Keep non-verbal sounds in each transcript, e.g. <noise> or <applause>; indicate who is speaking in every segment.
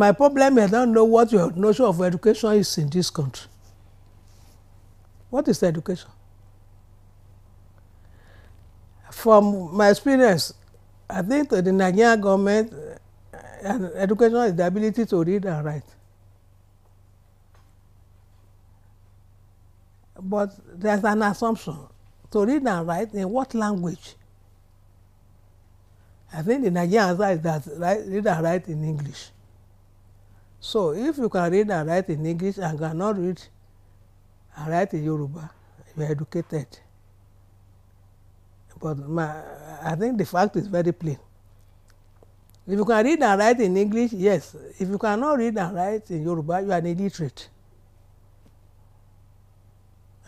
Speaker 1: my problem is I don't know what your notion of education is in this country. What is education? From my experience, I think the Nigerian government uh, and education is the ability to read and write. But there's an assumption to read and write in what language? I think the Nigerian answer is that read and write in English. So, if you can read and write in English and cannot read and write in Yoruba, you are educated. But my, I think the fact is very plain. If you can read and write in English, yes. If you cannot read and write in Yoruba, you are an illiterate.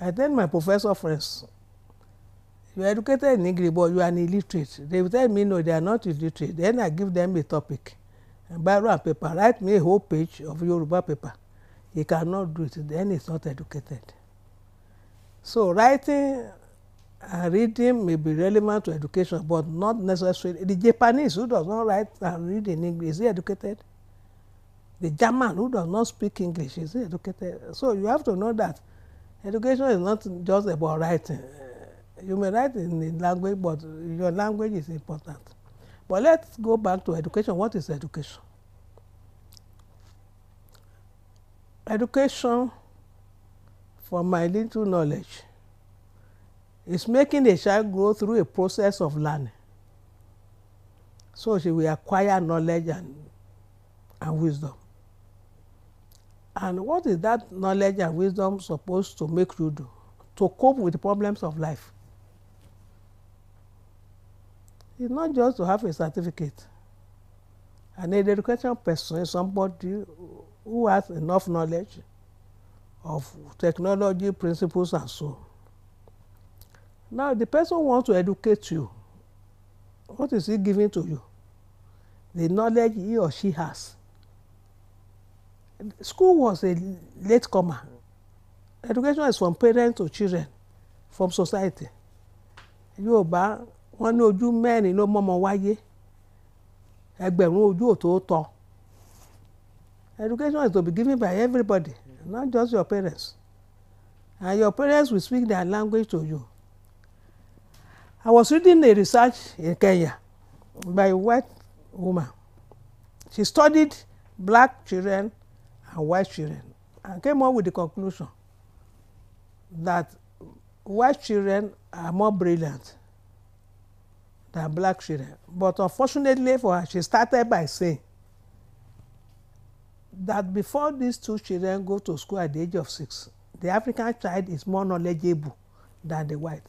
Speaker 1: I tell my professor friends, you are educated in English, but you are an illiterate. They will tell me, no, they are not illiterate. Then I give them a topic. biro and paper write me a whole page of Yoruba paper he cannot do it then he is not educated so writing and reading may be relevant to education but not necessarily the Japanese who does not write and read in English is he educated the German who does not speak English is he educated so you have to know that education is not just about writing you may write in the language but your language is important. But let's go back to education. What is education? Education, for my little knowledge, is making a child grow through a process of learning. So she will acquire knowledge and, and wisdom. And what is that knowledge and wisdom supposed to make you do? To cope with the problems of life. It's not just to have a certificate. An education person is somebody who has enough knowledge of technology principles and so. Now, the person wants to educate you. What is he giving to you? The knowledge he or she has. School was a late comer. Education is from parents to children, from society. Yorùbá wọ́n ní ojú mẹ́rin ló mọ́mọ wáyé ẹgbẹ̀rún ojú ò tó tọ́ education is to be given by everybody not just your parents and your parents will speak their language to you I was reading a research in Kenya by a white woman she studied black children and white children and came up with the conclusion that white children are more brilliant than black children but unfortunately for her she started by saying that before these two children go to school at the age of six the African child is more knowledgeable than the white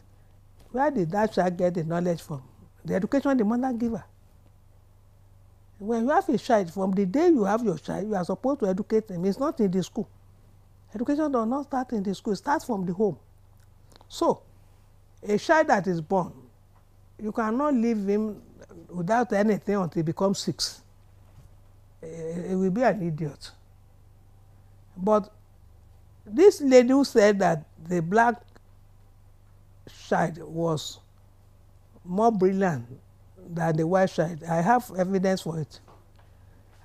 Speaker 1: where did that child get the knowledge from the education the mother give her when you have a child from the day you have your child you are supposed to educate them. it's not in the school education does not start in the school it starts from the home so a child that is born you cannot leave him without anything until he becomes six he will be an idiot but this lady who said that the black child was more brilliant than the white child I have evidence for it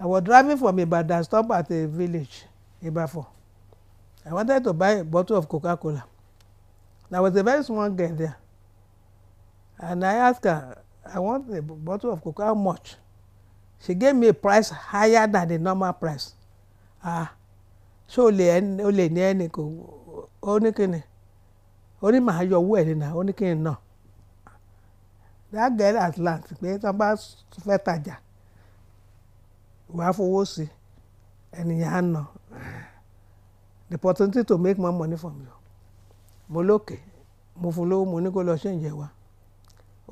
Speaker 1: I was driving from Ibadan stopped at a village Ibafo I wanted to buy a bottle of Coca-Cola there was a very small girl there And I asked her, I want a bottle of cocoa. how much? She gave me a price higher than the normal price. Ah, so o lè ẹni o lè ní ẹni kò ó ní kíni ó ní màá yọ owó ẹ̀ nínú ó ní kíni náà. That girl at last pé tí wọ́n bá fẹ́ tajà wàá fowó sí ẹnìyàn á nà the opportunity to make more money from you. Mo lókè mo fún lówó mo ní kó lọ ṣéǹjẹ wa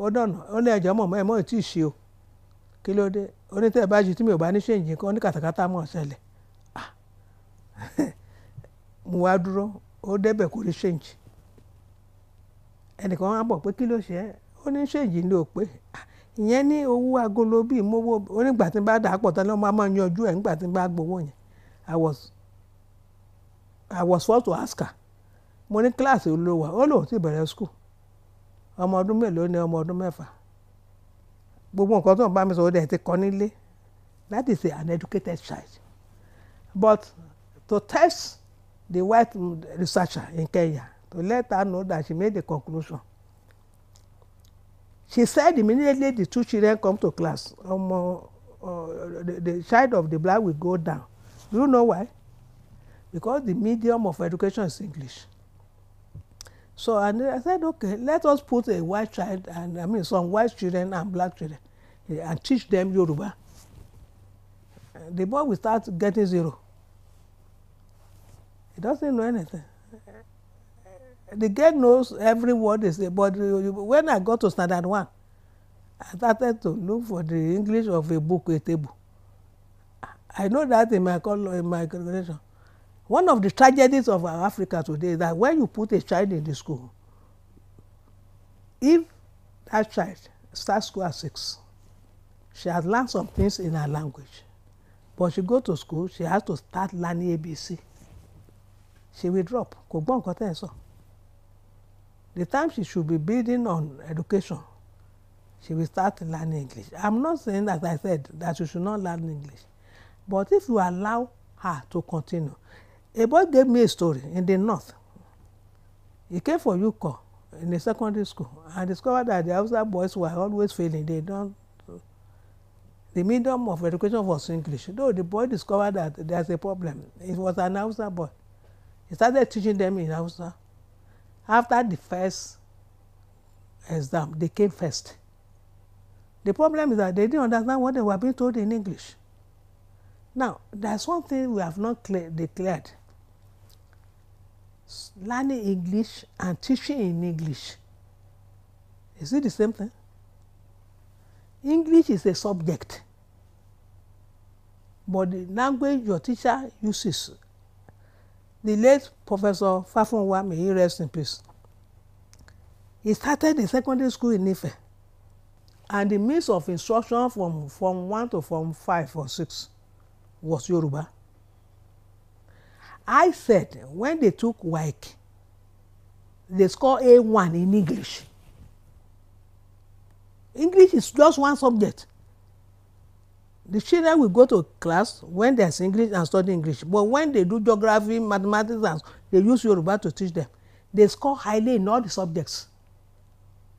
Speaker 1: ó dọ̀nà ó ní ẹjọ́ mọ̀mọ́ ẹ̀ mọ̀ tí ì ṣe o kí ló dé ó ní tẹ́ẹ̀ bá ṣe tí mi ò bá ní ṣèǹjì kan ní kàtàkàtà mọ̀ ṣẹlẹ̀ ah. <laughs> mo wá dúró ó débẹ̀ kó rí ṣèǹjì ẹnìkan á bọ̀ pé kí ló ṣe ẹ́ ó ní ṣèǹjì ló pé ah, ìyẹn ní owó agolo bíi mowó onígbà tí bá dà á pọ̀ tán lọ́mọ máa yanjú ẹ̀ nígbà tí bá gbowó yẹn I was I was forced to ask her mo ní kíláàsì olówó ó lóun ti bẹ̀rẹ̀ school ọmọ ọdún mélòó ni ọmọ ọdún mẹ́fà gbogbo nǹkan tó ń bá mi sọ ọdẹ ti kọ́ nílé that is an educated child but to test the white researcher in Kenya to let her know that she made the conclusion she said immediately the two children come to class ọmọ um, the child of the black will go down do you know why because the medium of education is English. So and I said, okay, let us put a white child and I mean some white children and black children eh, and teach them Yoruba. The boy will start getting zero. He doesn't know anything. The girl knows every word they say, but when I got to standard one, I started to look for the English of a book, a table. I know that in my, in my generation one of the tragedies of our Africa today is that when you put a child in the school if that child starts school at six she has learned some things in her language but she go to school she has to start learning ABC she will drop kò gbọ́ nǹkan tẹ́ ẹ sọ the time she should be building on education she will start learning English I'm not saying as I said that you should not learn English but if you allow her to continue A boy gave me a story in the north. He came for UCO in the secondary school and discovered that the Hausa boys were always failing. They don't. The medium of education was English. Though the boy discovered that there's a problem. It was an Hausa boy. He started teaching them in Hausa. After the first exam, they came first. The problem is that they didn't understand what they were being told in English. Now, there's one thing we have not declared learning English and teaching in English. Is it the same thing? English is a subject, but the language your teacher uses. The late Professor Fafunwa, may he rest in peace. He started the secondary school in Ife, and the means of instruction from Form 1 to Form 5 or 6 was Yoruba. I said when they took WAEC, they score a one in English. English is just one subject. The children will go to class when there's English and study English. But when they do geography, mathematics, and they use Yoruba to teach them, they score highly in all the subjects.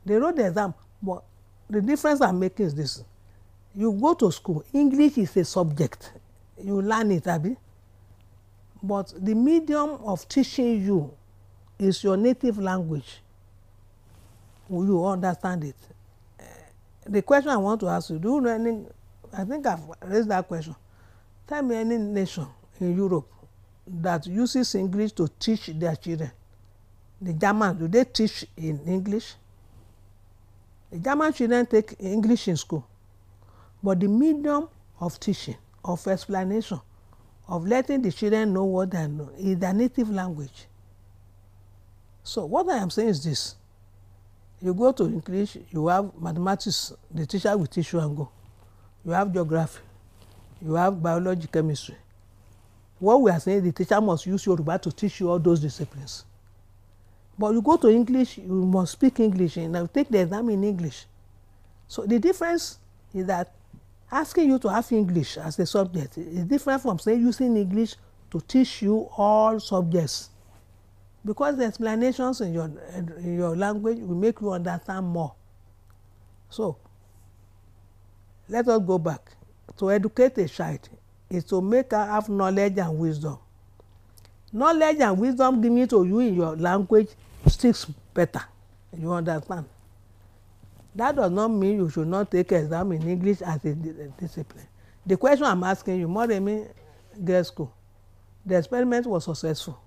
Speaker 1: They wrote the exam, but the difference I'm making is this. You go to school, English is a subject. You learn it, abi but the medium of teaching you is your native language you understand it eh, the question i want to ask you do you know any i think I raised that question tell me any nation in europe that uses english to teach their children the german do they teach in english the german children take english in school but the medium of teaching of explanation of letting the children know what they know in their native language. So what I am saying is this. You go to English, you have mathematics, the teacher will teach you and go. You have geography, you have biology, chemistry. What we are saying, the teacher must use Yoruba to teach you all those disciplines. But you go to English, you must speak English and you take the exam in English. So the difference is that asking you to have English as a subject is different from say using English to teach you all subjects because the explanations in your in your language will make you understand more so let us go back to educate a child is to make her have knowledge and wisdom knowledge and wisdom given to you in your language sticks better you understand That does not mean you should not take exam in English as a eh, discipline. The question I'm asking you, Moremi school, the experiment was successful.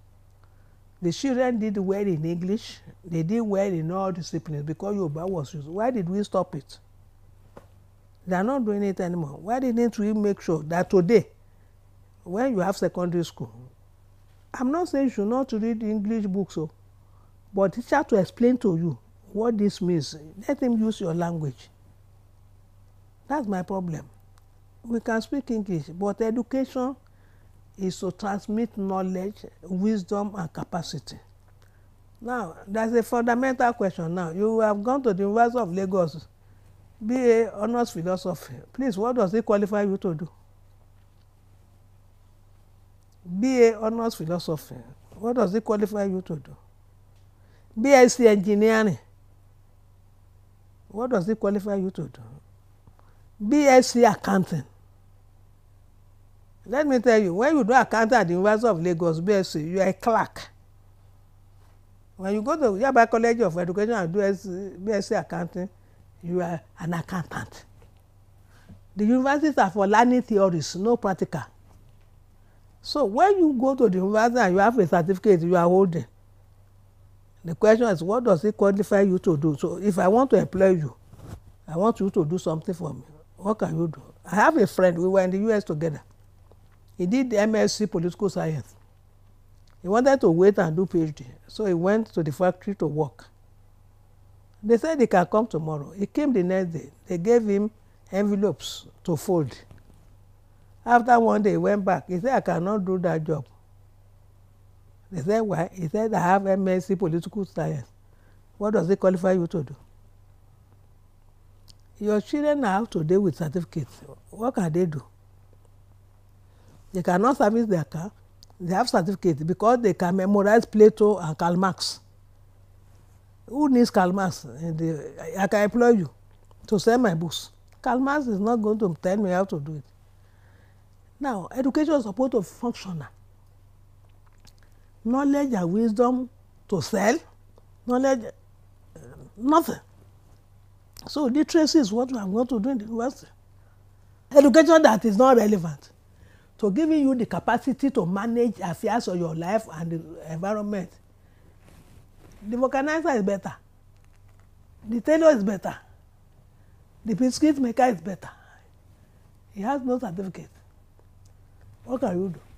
Speaker 1: The children did well in English. They did well in all disciplines because Yoruba was used. Why did we stop it? They are not doing it anymore. Why didn't we make sure that today, when you have secondary school, I'm not saying you should not read English books, so, but teacher to explain to you what this means. Let him use your language. That's my problem. We can speak English, but education is to transmit knowledge, wisdom, and capacity. Now, there's a fundamental question now. You have gone to the University of Lagos, BA Honours Philosophy. Please, what does it qualify you to do? BA Honours Philosophy. What does it qualify you to do? BSc Engineering. What does it qualify you to do? BSc accounting. Let me tell you, when you do accounting at the University of Lagos, BSc, you are a clerk. When you go to Yaba College of Education and do BSc accounting, you are an accountant. The universities are for learning theories, no practical. So when you go to the university and you have a certificate you are holding, The question is, what does it qualify you to do? So if I want to employ you, I want you to do something for me. What can you do? I have a friend, we were in the US together. He did the MSc political science. He wanted to wait and do PhD. So he went to the factory to work. They said he can come tomorrow. He came the next day. They gave him envelopes to fold. After one day, he went back. He said, I cannot do that job. They said, why? He said, I have MSc political science. What does it qualify you to do? Your children are out today with certificates. What can they do? They cannot service their car. They have certificates because they can memorize Plato and Karl Marx. Who needs Karl Marx? The, I can employ you to sell my books. Karl Marx is not going to tell me how to do it. Now, education is supposed to function now knowledge and wisdom to sell, knowledge, uh, nothing. So literacy is what I'm going to do in the university. Education that is not relevant to giving you the capacity to manage affairs of your life and the environment. The vulcanizer is better. The tailor is better. The biscuit maker is better. He has no certificate. What can you do?